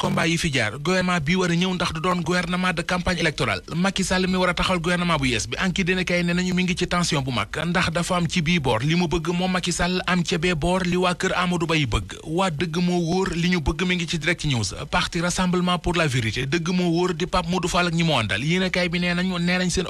combat yi fi jaar gouvernement bi war ñëw ndax du doon gouvernement de campagne électorale Macky Sall mi war a taxal bu yees bi anki dina kay nañu mi ngi ci tension bu mag ndax dafa am ci bii boor li mu bëgg moom Macky Sall am ca bee boor li waa kër Amadou Ba yi bëgg waa dëgg moo wóor li ñu bëgg mi ngi ci direct news parti rassemblement pour la vérité dëgg moo wóor di Pape Modou Fall ak ñi mu àndal yéen kay bi nee nañu nee nañ seen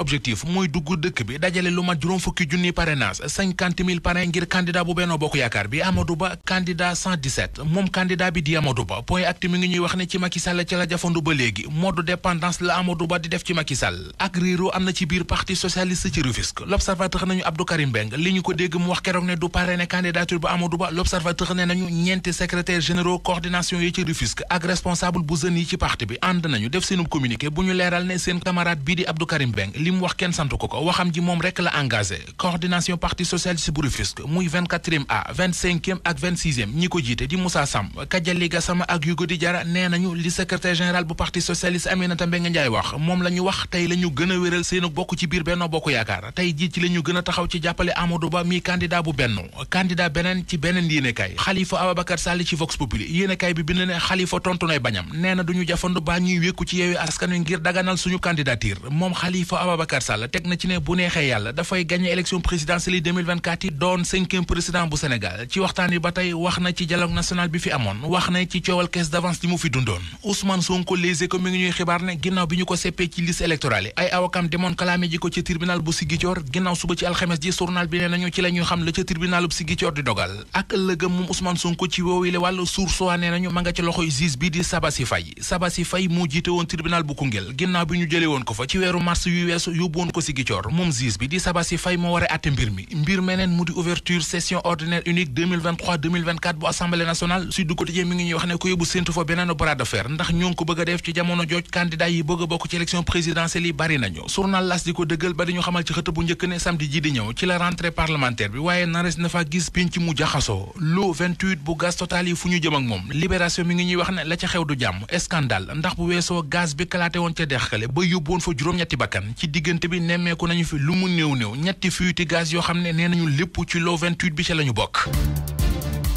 waxtaane ci Macky ci la jafandu ba léegi mode dépendance la Amadou Ba di def ci Macky ak réeroo am na ci biir parti socialiste ci Rufisque l'observateur nañu Abdou Karim Beng li ñu ko dégg mu wax keroog ne du parrainé candidature bu Amadou Ba l'observateur ne nañu ñeenti secrétaire généraux coordination yi ci Rufisque ak responsable bu jeunes yi ci parti bi ànd nañu def seenu communiqué bu ñu leeral ne seen camarade bii di Abdou Karim Beng li mu wax kenn nañu li secrétaire général bu parti socialiste Aminata Mbengue Ndiaye wax moom la ñu wax tey la ñu gën a wéral seenu bokk ci biir Benno Bokk Yaakaar tey jii ci lañu ñu gën a taxaw ci jàppale Amadou Ba mi candidat bu benn candidat beneen ci beneen yéenekaay Khalifa Ababacar Sall ci Vox Populi yéenekaay bi bind ne xalifa tontu nay bañam nee na duñu jafandu baa ñuy wékku ci yeewi askan wi ngir daganal suñu candidature moom xalifa Ababacar Sall teg na ci ne bu neexee yàlla dafay gagné élection présidentielle yi 2024 yi doon cinquième président bu Sénégal ci waxtaan yi ba tey wax na ci dialogue national bi fi amoon wax na ci coowal caisse d'avance li dundoon Ousmane Sonko Les Échos mi ngi ñuy xibaar ne ginnaaw bi ñu ko seppee ci liste électorale ay awakam demoon kalaame ji ko ci tribunal bu Ziguinchor ginnaaw suba ci alxames ji journal bi ne nañu ci la xam la ca tribunal bu di dogal ak ëllëgam moom Ousmane Sonko ci woowile wàllu suur sowaane nañu ma nga ci loxoy juge bi di Sabassi Faye Sabassi Faye moo jiite woon tribunal bu Koungheul ginnaaw bi ñu jële woon ko fa ci weeru mars yu weesu yóbbu woon bras de fer ndax ñoo ngi ko bëgg a def ci jamono jooj candidat yi bëgg a bokk ci élection présidentielle yi bari nañu journal las di ko dëggal ba dañu xamal ci xët bu njëkk ne samedi ji di ñëw ci la rentrée parlementaire bi waaye nares na fa gis pinc mu jaxasoo lo bu gaz total yi fu ñu jëm ak moom libération mi ngi ñuy wax ne la ca xew du jàmm scandale ndax bu weesoo gaz bi kalaate woon ca dexkale ba yóbboon fa juróom-ñetti bakkan ci diggante bi nemmeeku yoo xam ne nee nañu lépp ci lo 28 bi